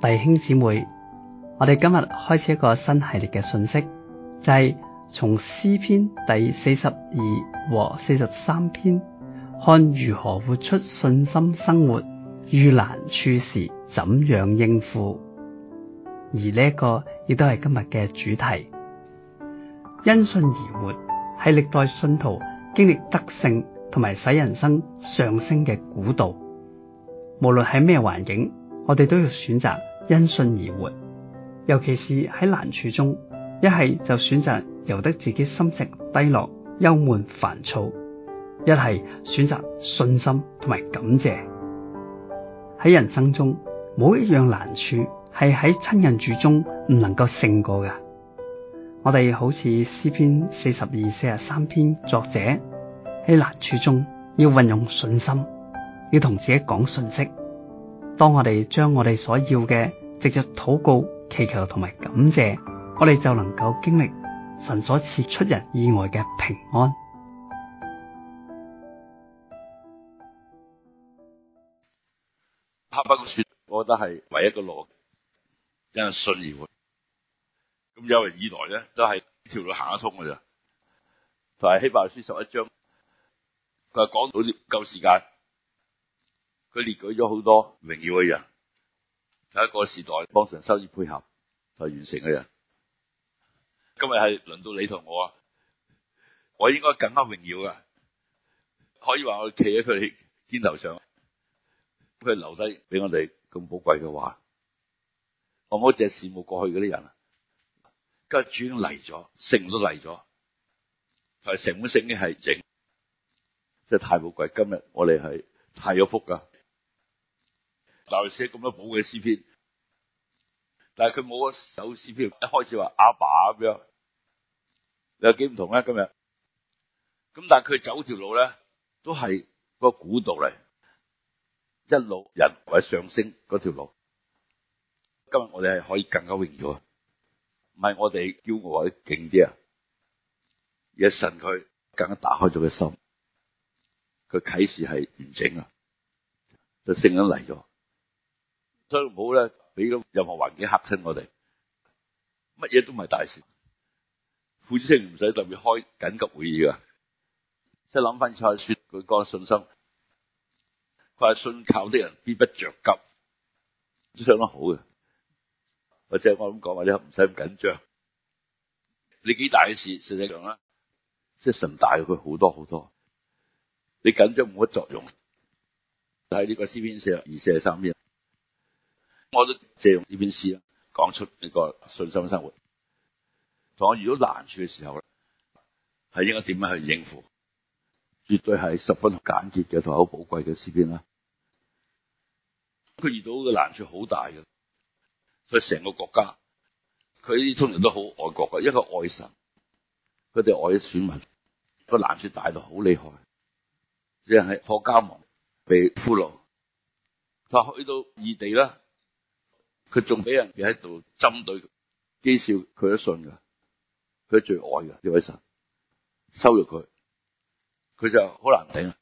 弟兄姊妹，我哋今日開始一個新系列嘅信息，就係從詩篇第四十二和四十三篇，看如何活出信心生活，遇難處時怎樣應付，而呢一個亦都係今日嘅主題。因信而活係歷代信徒經歷得勝同埋使人生上升嘅古道。無論喺咩環境，我哋都要選擇因信而活，尤其是喺難處中，一係就選擇由得自己心情低落、憂悶、煩躁；一係選擇信心同埋感謝。喺人生中，冇一樣難處係喺親人處中唔能夠勝過嘅。我哋好似詩篇四十二、四十三篇作者，喺難處中要運用信心。要同自己講訊息。當我哋將我哋所要嘅，藉著禱告、祈求同埋感謝，我哋就能夠經歷神所賜出人意外嘅平安。哈巴谷書，我覺得係唯一一個路，因為信而活。咁有嚟以來咧，都係呢條路行得通嘅咋，同埋希伯來書十一章，佢講到啲夠時間。佢列舉咗好多榮耀嘅人，一個時代幫神心意配合嚟、就係、完成嘅人。今日係輪到你同我啊！我應該更加榮耀噶，可以話我企喺佢哋肩頭上，佢留低俾我哋咁寶貴嘅話，我唔好隻係羨慕過去嗰啲人啊！今日主已經嚟咗，聖都嚟咗，係成本聖經係整，真係太寶貴。今日我哋係太有福噶。劉寫咁多寶貴詩篇，但係佢冇一首詩篇，一開始話阿爸咁樣，有幾唔同咧今日。咁但係佢走條路咧，都係個古道嚟，一路人為上升嗰條路。今日我哋係可以更加榮耀，唔係我哋驕傲或勁啲啊！而神佢更加打開咗個心，佢啟示係完整啊，就聖恩嚟咗。所以唔好咧，俾到任何環境嚇親我哋，乜嘢都唔係大事。副主席唔使特別開緊急會議啊！即係諗翻再說，佢個信心，佢係信靠啲人，必不着急。相當好嘅，或者我咁講，話，你唔使咁緊張。你幾大嘅事，實際上啦，即係神大佢好多好多。你緊張冇乜作用。係呢個詩篇四十二、四十三篇。我都借用呢篇詩啦，講出呢個信心生活。同我遇到難處嘅時候咧，係應該點樣去應付？絕對係十分簡潔嘅同好寶貴嘅詩篇啦。佢遇到嘅難處好大嘅，佢成個國家，佢通常都好愛國嘅，一個愛神，佢哋愛嘅選民。個難處大到好厲害，即係破家亡，被俘虜。就去到異地啦。佢仲俾人哋喺度針對譏笑，佢都信噶，佢係最愛噶呢位神，羞辱佢，佢就好難頂啊！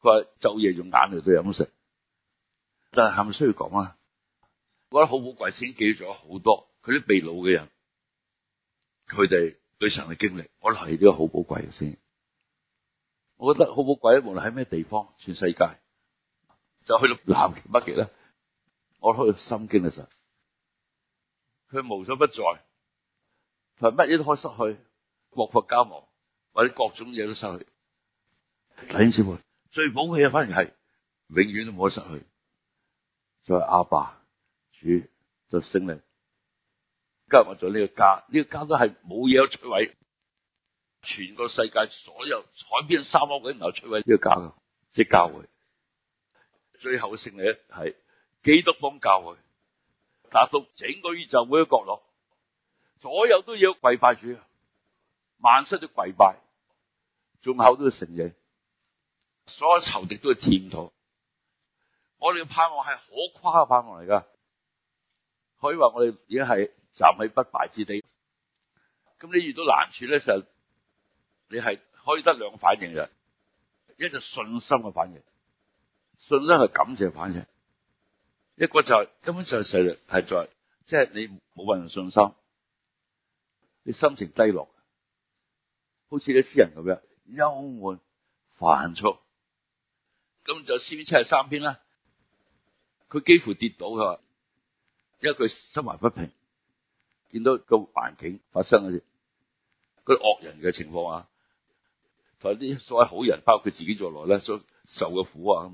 佢話晝夜用眼淚當飲食，但係係咪需要講啊？我覺得好寶貴，先記咗好多佢啲未老嘅人，佢哋對神嘅經歷，我覺得係呢個好寶貴嘅先。我覺得好寶貴，無論喺咩地方，全世界就去到南極北極啦。我開心驚嘅時候，佢無所不在，佢乜嘢都可以失去，國破家亡或者各種嘢都失去。弟兄姊妹，最寶貴嘅反而係永遠都冇得失去，所、就、以、是、阿爸主就勝、是、利，加埋咗呢個家，呢、這個家都係冇嘢都摧毀，全個世界所有海邊沙窩嗰都唔係摧毀呢個家噶，即、就、係、是、教會，嗯、最後勝利咧係。基督幫教會，達到整個宇宙每一個角落，所有都要跪拜主，萬膝都跪拜，眾口都要承認，所有仇敵都要甜頭。我哋嘅盼望係可誇嘅盼望嚟噶，可以話我哋已經係站喺不敗之地。咁你遇到難處咧，就你係可以得兩個反應嘅，一就信心嘅反應，信心係感謝反應。一個就係根本上勢力係在，即係你冇辦法有信心，你心情低落，好似啲詩人咁樣憂悶煩躁。咁就詩篇七十三篇啦，佢幾乎跌倒佢，因為佢心懷不平，見到個環境發生嗰啲惡人嘅情況啊，同啲所謂好人包括佢自己在內咧所受嘅苦啊，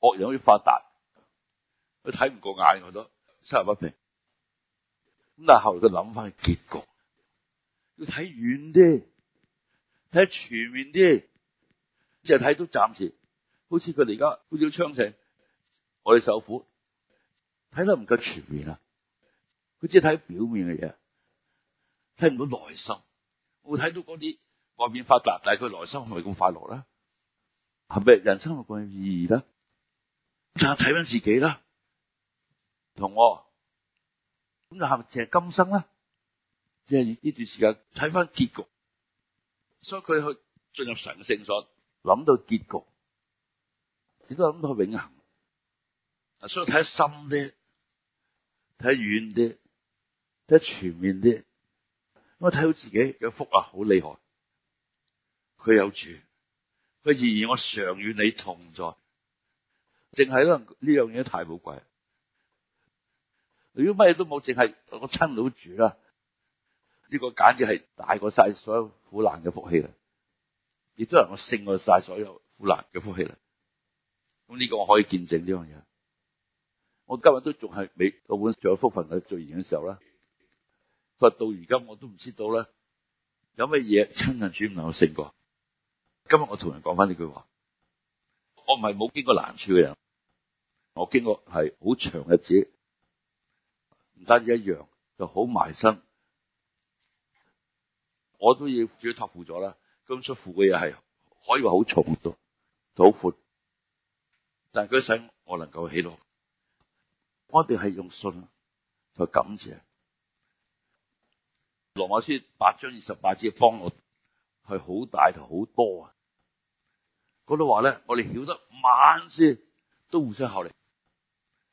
惡人好似發達。佢睇唔過眼，我都七十八平。咁但係後來佢諗翻結局，要睇遠啲，睇全面啲，只係睇到暫時。好似佢哋而家，好似昌盛，我哋受苦，睇得唔夠全面啊！佢只係睇表面嘅嘢，睇唔到內心。我睇到嗰啲外面發達，但係佢內心係咪咁快樂咧？係咪人生有冇有意義咧？就睇翻自己啦。同我咁就係淨係今生啦，即係呢段時間睇翻結局，所以佢去進入神聖所諗到結局，亦都諗到永恆。所以睇得深啲，睇得遠啲，睇得全面啲。我睇到自己嘅福啊，好厲害。佢有住，佢然而我常與你同在，淨係可能呢樣嘢太寶貴。如果乜嘢都冇，淨係我親老住啦，呢個簡直係大過晒所有苦難嘅福氣啦，亦都係我勝過晒所有苦難嘅福氣啦。咁呢個我可以見證呢樣嘢。我今日都仲係未到本，仲有福份嘅最嚴嘅時候啦。現在，不過到而家我都唔知道咧，有乜嘢親人主唔能夠勝過？今日我同人講翻呢句話，我唔係冇經過難處嘅人，我經過係好長日子。唔單止一樣，就好埋身。我都要主要託付咗啦。咁出乎嘅嘢係可以話好重都，就好闊。但係佢想我能夠起落。我哋係用信去感謝。羅馬書八章二十八節嘅幫我係好大同好多啊。嗰度話咧，我哋曉得萬事，都互相效力，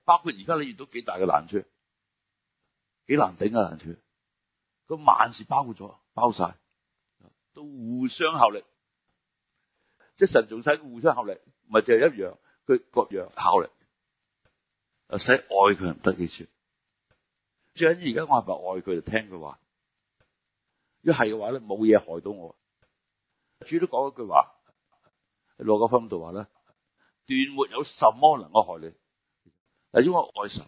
包括而家你遇到幾大嘅難處。幾難頂啊難處，佢萬事包咗包晒，都互相效力，即係神仲使互相效力，唔係淨係一樣，佢各樣效力，使愛佢唔得幾處，最緊要而家我係咪愛佢就聽佢話，一係嘅話咧冇嘢害到我，主都講一句話，喺路加福音度話咧，斷沒有什麼能夠害你，但如果我愛神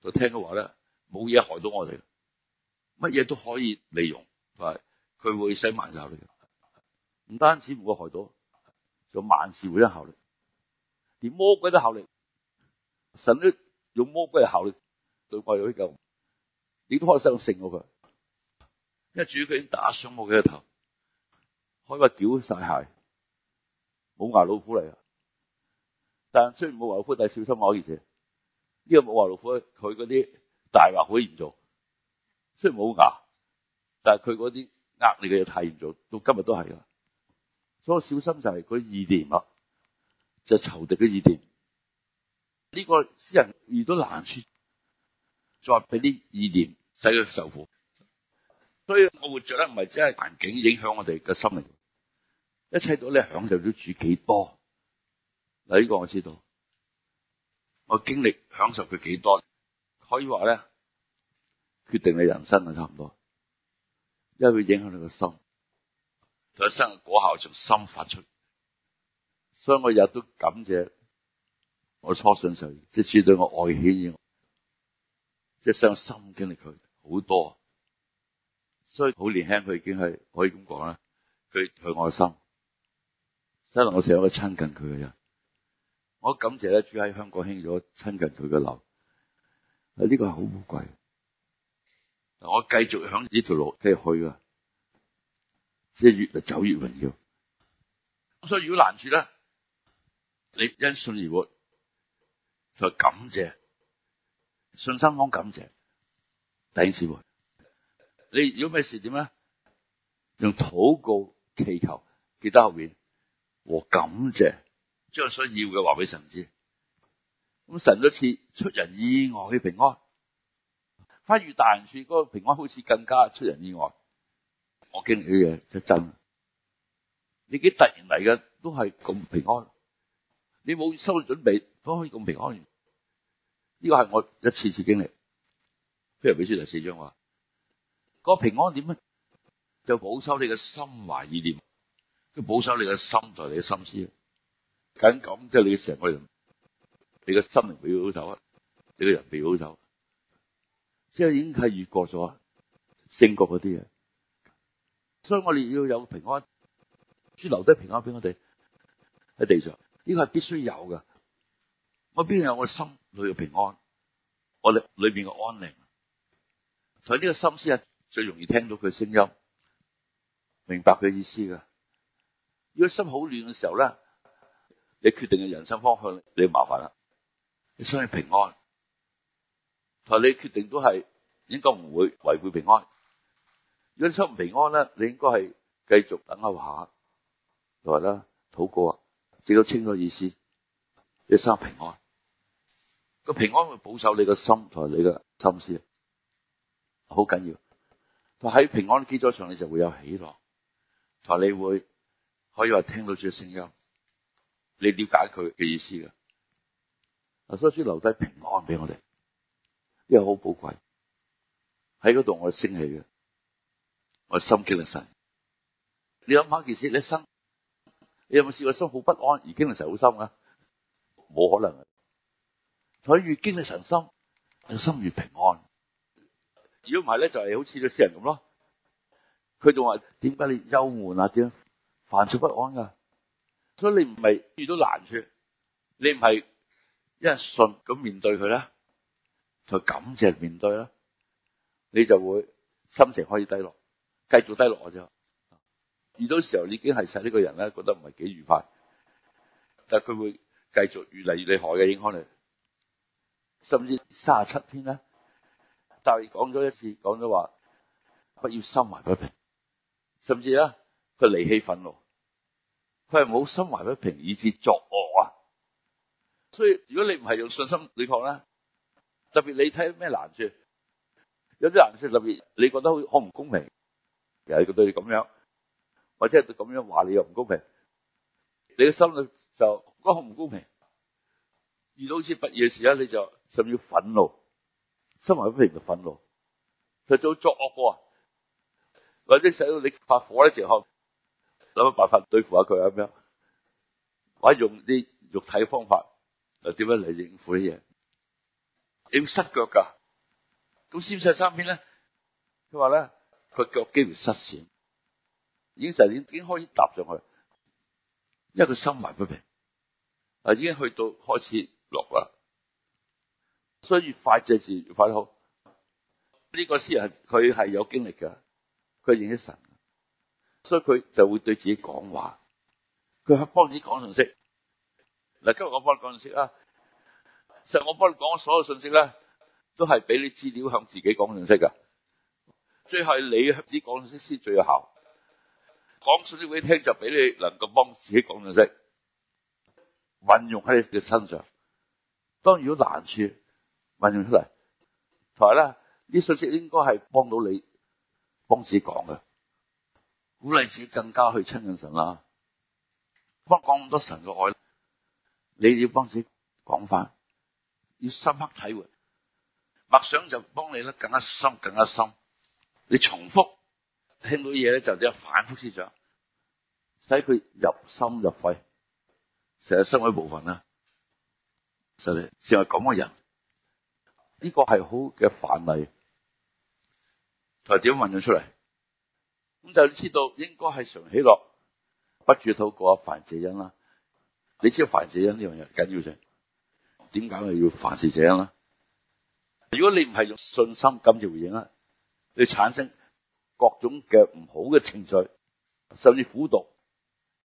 就聽佢話咧。冇嘢害到我哋，乜嘢都可以利用，係佢會使埋效，效力，唔單止唔會害到，仲萬事會有效力，連魔鬼都效力。神都用魔鬼嘅效力，對我哋有啲救，你開心勝過佢，因為主佢已經打傷我嘅頭，開一個屌晒鞋，冇牙老虎嚟，但雖然冇牙老虎，但小心我、啊、而且呢、這個冇牙老虎，佢嗰啲。大話好嚴重，雖然冇牙，但係佢嗰啲呃你嘅嘢太嚴重，到今日都係啊！所以我小心就係嗰意念啦，就係仇敵嘅意念。呢個私人遇到難處，再俾啲意念使佢受苦。所以我活著咧，唔係只係環境影響我哋嘅心靈，一切到咧享受咗主幾多嗱？呢個我知道，我經歷享受佢幾多。可以話咧，決定你人生啊，差唔多，因為會影響你個心。一生嘅果效從心發出，所以我日日都感謝我初信時即係主對我外顯，即係上心經歷佢好多。所以好年輕佢已經係可以咁講啦，佢佢愛心，所以我成日都個親近佢嘅人。我感謝咧，主喺香港興咗親近佢嘅樓。啊！呢個係好寶貴。嗱，我繼續響呢條路繼續去啊，即係越嚟走越榮耀。咁所以如果難處咧，你因信而活，就感謝，信心講感謝。第二次會，你要什麼如果咩事點咧，用禱告祈求，記得後面和感謝，將所要嘅話俾神知。咁神所賜，出人意外嘅平安。反而大難處嗰個平安好似更加出人意外。我經歷啲嘢就真。你幾突然嚟嘅，都係咁平安。你冇收到準備，都可以咁平安。呢個係我一次次經歷。腓立比書第四章話，個平安點啊？就保守你嘅心懷意念，都保守你嘅心在你嘅心思。緊咁即係你成個人。你個心靈未好受啊！你個人未好受，即係已經係越過咗聖國嗰啲啊！所以我哋要有平安，主留低平安俾我哋喺地上，呢個係必須有㗎。我邊有我心裏嘅平安，我哋裏邊嘅安寧。所以呢個心思係最容易聽到佢聲音，明白佢意思㗎。如果心好亂嘅時候咧，你決定嘅人生方向，你麻煩啦。心係平安，同你決定都係應該唔會違背平安。如果心唔平安咧，你應該係繼續等候一下，同埋啦禱告啊，直到清楚意思，一生平安。個平安會保守你個心同你個心思，好緊要。喺平安基礎上，你就會有喜樂，同你會可以話聽到啲聲音，你了解佢嘅意思噶？所以先留低平安俾我哋，呢個好寶貴。喺嗰度我升起嘅，我心經歷神。你諗下件事，你心，你有冇試過心好不安而經歷神好深噶？冇可能啊。所以越經歷神深，佢心越平安。如果唔係咧，就係好似啲詩人咁咯。佢仲話：點解你憂悶啊？點樣？煩躁不安噶啊。所以你唔係遇到難處，你唔係。因為信咁面對佢咧，就感謝面對啦，你就會心情可以低落，繼續低落我就。遇到時候你已經係使呢個人咧，覺得唔係幾愉快，但係佢會繼續越嚟越厲害嘅影響你，甚至三十七天啦。但係講咗一次講咗話，說說不要心懷不平，甚至咧佢離氣憤怒，佢係冇心懷不平以致作惡啊。所以，如果你唔係用信心對抗咧，特別你睇咩難處，有啲難處特別你覺得好唔公平，又係佢對你咁樣，或者咁樣話你又唔公平，你嘅心裏就覺得好唔公平。遇到好似不義嘅時候，你就甚至要憤怒，心懷不平就憤怒，就做作惡個，或者使到你發火咧，就諗諗辦法對付下佢咁樣，或者用啲肉體嘅方法。又點樣嚟應付啲嘢？你要失腳㗎？咁先世三篇咧，佢話咧，佢腳幾乎失閃，已經實已經開始踏上去，因為佢心懷不平，啊已經去到開始落啦。所以越快著字，越快得好。呢個詩人佢係有經歷㗎，佢認識神，所以佢就會對自己講話，佢係幫自己講信息。嗱，今日我幫你講信息啊。其實我幫你講所有信息咧，都係俾你資料向自己講信息噶。最係你自己講信息先最有效。講信息俾你聽就俾你能夠幫自己講信息，運用喺你嘅身上。當然，如果難處運用出嚟，同埋咧啲信息應該係幫到你幫自己講嘅，鼓勵自己更加去親近神啦。幫講咁多神嘅愛。你要幫自己講翻，要深刻體會默想就幫你咧更加深更加深。你重複聽到嘢咧，就即係反覆思想，使佢入心入肺，成日生活部分啦。就係成為咁嘅人，呢個係好嘅範例。又點運用出嚟？咁就知道應該係常喜樂、不住禱告嘅凡事謝恩啦。你知道凡事者這樣呢樣嘢緊要性，點解要凡事這樣啦？如果你唔係用信心感嚟回應啦，你產生各種嘅唔好嘅情緒，甚至苦毒。